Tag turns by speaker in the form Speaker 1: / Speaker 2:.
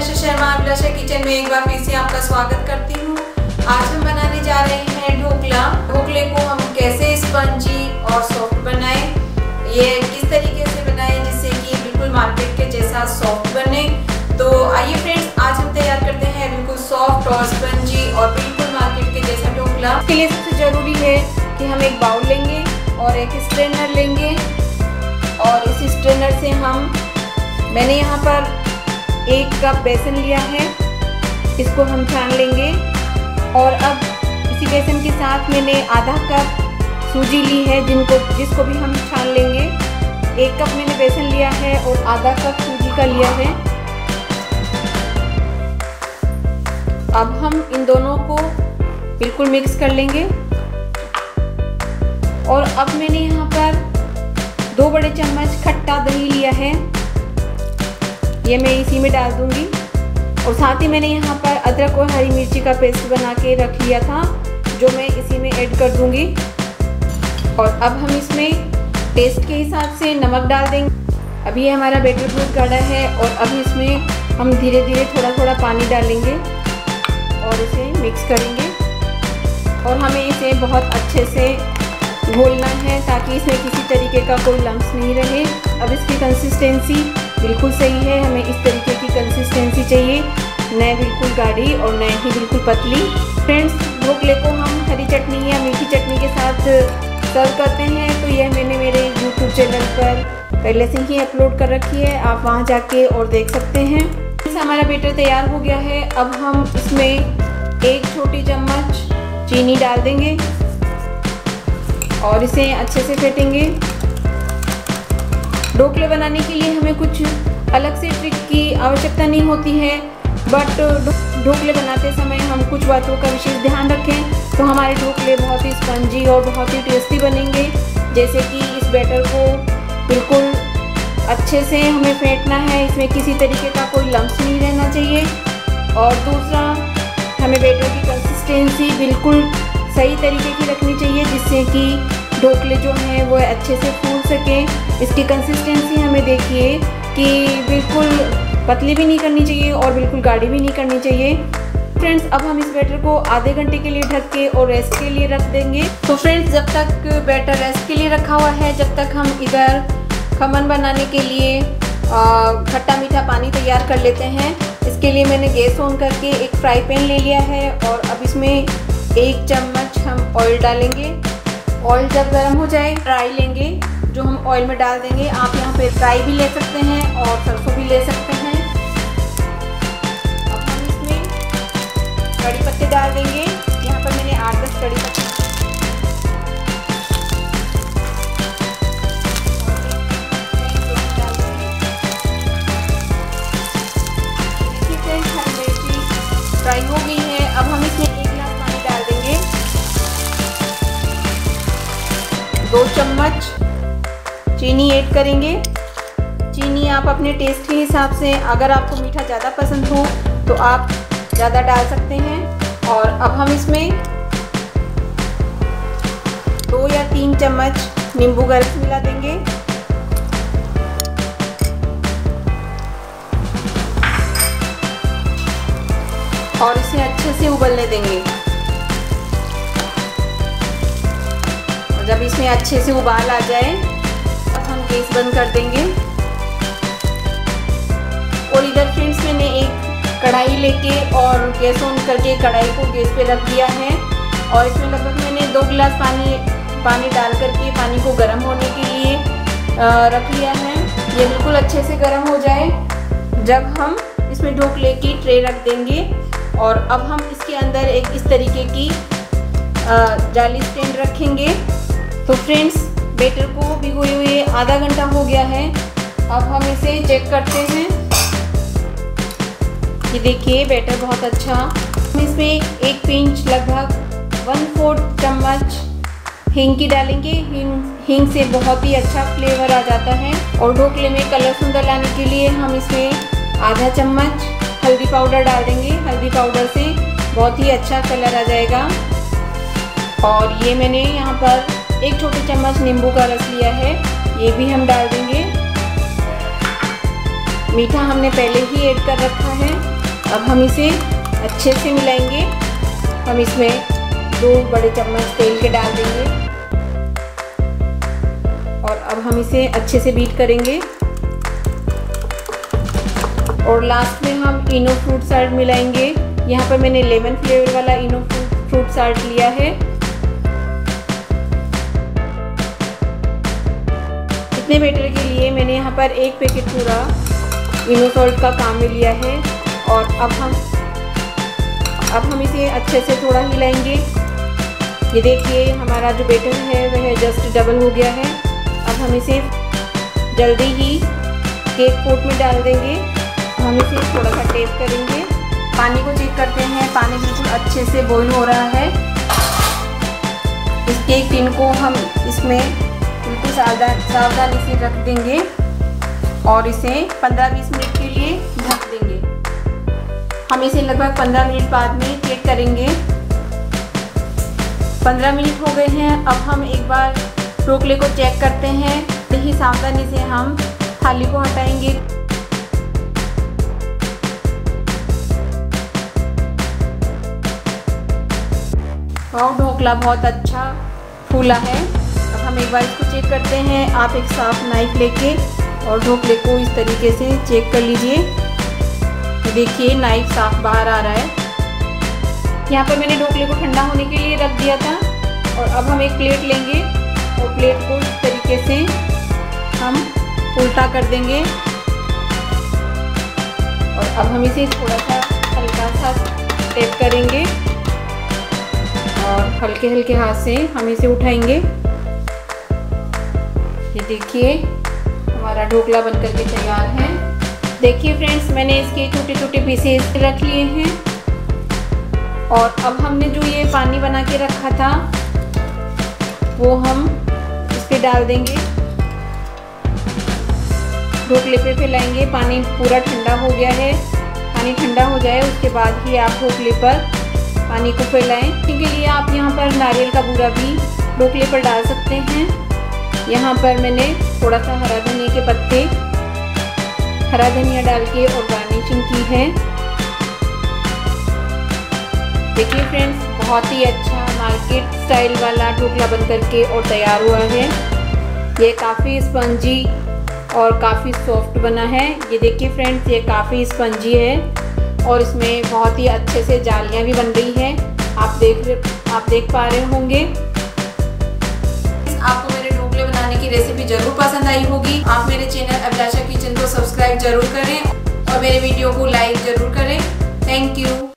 Speaker 1: अभिलाषा Sharma Abhilasha kitchen में एक बार फिर से आपका स्वागत करती हूँ आज हम बनाने जा रहे हैं ढोकला ढोकले को हम कैसे स्पंजी और सॉफ्ट बनाएं ये किस तरीके से बनाएं जिससे कि बिल्कुल मार्केट के जैसा सॉफ्ट बने तो आइए फ्रेंड्स आज हम तैयार करते हैं बिल्कुल सॉफ्ट और स्पंजी और बिल्कुल मार्केट के जैसा ढोकला इसके लिए सबसे ज़रूरी है कि हम एक बाउल लेंगे और एक स्ट्रेनर लेंगे और इस स्ट्रेनर से हम मैंने यहाँ पर एक कप बेसन लिया है इसको हम छान लेंगे और अब इसी बेसन के साथ मैंने आधा कप सूजी ली है जिनको जिसको भी हम छान लेंगे एक कप मैंने बेसन लिया है और आधा कप सूजी का लिया है अब हम इन दोनों को बिल्कुल मिक्स कर लेंगे और अब मैंने यहाँ पर दो बड़े चम्मच खट्टा दही लिया है ये मैं इसी में डाल दूंगी और साथ ही मैंने यहाँ पर अदरक और हरी मिर्ची का पेस्ट बना के रख लिया था जो मैं इसी में ऐड कर दूँगी और अब हम इसमें टेस्ट के हिसाब से नमक डाल देंगे अभी ये हमारा बेटर फ्रूट गाढ़ा है और अब इसमें हम धीरे धीरे थोड़ा थोड़ा पानी डालेंगे और इसे मिक्स करेंगे और हमें इसे बहुत अच्छे से घोलना है ताकि इसमें किसी तरीके का कोई लम्स नहीं रहे अब इसकी कंसिस्टेंसी बिल्कुल सही है हमें इस तरीके की कंसिस्टेंसी चाहिए न बिल्कुल गाढ़ी और न ही बिल्कुल पतली फ्रेंड्स ढोकले को हम हरी चटनी या मीठी चटनी के साथ सर्व करते हैं तो यह मैंने मेरे यूट्यूब चैनल पर पहले से ही अपलोड कर रखी है आप वहाँ जाके और देख सकते हैं हमारा बेटर तैयार हो गया है अब हम इसमें एक छोटी चम्मच चीनी डाल देंगे और इसे अच्छे से फेंटेंगे ढोकले बनाने के लिए हमें कुछ अलग से ट्रिक की आवश्यकता नहीं होती है बट ढोकले बनाते समय हम कुछ बातों का विशेष ध्यान रखें तो हमारे ढोकले बहुत ही स्पंजी और बहुत ही टेस्टी बनेंगे जैसे कि इस बैटर को बिल्कुल अच्छे से हमें फेंटना है इसमें किसी तरीके का कोई लम्स नहीं रहना चाहिए और दूसरा हमें बैटर की कंसिस्टेंसी बिल्कुल सही तरीके की रखनी चाहिए जिससे कि ढोकले जो हैं वो अच्छे से फूल सकें इसकी कंसिस्टेंसी हमें देखिए कि बिल्कुल पतली भी नहीं करनी चाहिए और बिल्कुल गाढ़ी भी नहीं करनी चाहिए फ्रेंड्स अब हम इस बैटर को आधे घंटे के लिए ढक के और रेस्ट के लिए रख देंगे तो फ्रेंड्स जब तक बैटर रेस्ट के लिए रखा हुआ है जब तक हम इधर खमन बनाने के लिए खट्टा मीठा पानी तैयार कर लेते हैं इसके लिए मैंने गैस ऑन करके एक फ्राई पैन ले लिया है और अब इसमें एक चम्मच हम ऑयल डालेंगे ऑयल जब गर्म हो जाए फ्राई लेंगे जो हम ऑयल में डाल देंगे आप यहाँ पे फ्राई भी ले सकते हैं और सरसों भी ले सकते हैं अब हम इसमें कड़ी पत्ते डाल देंगे यहाँ पर मैंने आठ दस कड़ी पत्ते दो चम्मच चीनी ऐड करेंगे चीनी आप अपने टेस्ट के हिसाब से अगर आपको मीठा ज़्यादा पसंद हो तो आप ज़्यादा डाल सकते हैं और अब हम इसमें दो या तीन चम्मच नींबू का रस मिला देंगे और इसे अच्छे से उबलने देंगे जब इसमें अच्छे से उबाल आ जाए तब हम गैस बंद कर देंगे और इधर फ्रेंड्स मैंने एक कढ़ाई लेके और गैस ऑन करके कढ़ाई को गैस पे रख दिया है और इसमें लगभग मैंने दो गिलास पानी पानी डाल करके पानी को गर्म होने के लिए रख लिया है ये बिल्कुल अच्छे से गर्म हो जाए जब हम इसमें ढोक लेके ट्रे रख देंगे और अब हम इसके अंदर एक इस तरीके की जाली स्टैंड रखेंगे तो फ्रेंड्स बेटर को भिगोए हुए आधा घंटा हो गया है अब हम इसे चेक करते हैं ये देखिए बैटर बहुत अच्छा हम इसमें एक पिंच लगभग वन फोर्थ चम्मच हिंग की डालेंगे हिंग हींग से बहुत ही अच्छा फ्लेवर आ जाता है और ढोकले में कलर सुंदर लाने के लिए हम इसमें आधा चम्मच हल्दी पाउडर डाल देंगे हल्दी पाउडर से बहुत ही अच्छा कलर आ जाएगा और ये मैंने यहाँ पर एक छोटे चम्मच नींबू का रस लिया है ये भी हम डाल देंगे मीठा हमने पहले ही ऐड कर रखा है अब हम इसे अच्छे से मिलाएंगे हम इसमें दो बड़े चम्मच तेल के डाल देंगे और अब हम इसे अच्छे से बीट करेंगे और लास्ट में हम इनो फ्रूट साल्ट मिलाएंगे यहाँ पर मैंने लेमन फ्लेवर वाला इनो फ्रूट साल्ट लिया है अपने बेटर के लिए मैंने यहाँ पर एक पैकेट पूरा इनोसॉल्ट का काम में लिया है और अब हम अब हम इसे अच्छे से थोड़ा हिलाएंगे ये देखिए हमारा जो बेटर है वह जस्ट डबल हो गया है अब हम इसे जल्दी ही केक कोट में डाल देंगे हम इसे थोड़ा सा टेप करेंगे पानी को चेक करते हैं पानी बिल्कुल अच्छे से बॉईल हो रहा है इस केक टिन को हम इसमें बिल्कुल सावधान सावधान इसे रख देंगे और इसे 15-20 मिनट के लिए ढक देंगे हम इसे लगभग 15 मिनट बाद में चेक करेंगे 15 मिनट हो गए हैं अब हम एक बार ढोकले को चेक करते हैं यही सावधानी से हम थाली को हटाएंगे और ढोकला बहुत अच्छा फूला है एक बार इसको चेक करते हैं आप एक साफ नाइफ लेके और ढोकले को इस तरीके से चेक कर लीजिए देखिए नाइफ साफ बाहर आ रहा है यहाँ पर मैंने ढोकले को ठंडा होने के लिए रख दिया था और अब हम एक प्लेट लेंगे और प्लेट को इस तरीके से हम उल्टा कर देंगे और अब हम इसे थोड़ा सा हल्का सा टेप करेंगे और हल्के हल्के हाथ से हम इसे उठाएंगे ये देखिए हमारा ढोकला बन के तैयार है देखिए फ्रेंड्स मैंने इसके छोटे छोटे पीसेस रख लिए हैं और अब हमने जो ये पानी बना के रखा था वो हम इस पर डाल देंगे ढोकले पे फैलाएंगे पानी पूरा ठंडा हो गया है पानी ठंडा हो जाए उसके बाद ही आप ढोकले पर पानी को फैलाएं इसके लिए आप यहाँ पर नारियल का बूरा भी ढोकले पर डाल सकते हैं यहाँ पर मैंने थोड़ा सा हरा धनिया के पत्ते हरा धनिया डाल के और गार्निशिंग की है देखिए फ्रेंड्स बहुत ही अच्छा मार्केट स्टाइल वाला ढोकला बन करके और तैयार हुआ है ये काफ़ी स्पंजी और काफ़ी सॉफ्ट बना है ये देखिए फ्रेंड्स ये काफ़ी स्पंजी है और इसमें बहुत ही अच्छे से जालियाँ भी बन रही हैं आप देख आप देख पा रहे होंगे आपको की रेसिपी जरूर पसंद आई होगी आप मेरे चैनल अभिलाषा किचन को सब्सक्राइब जरूर करें और मेरे वीडियो को लाइक जरूर करें थैंक यू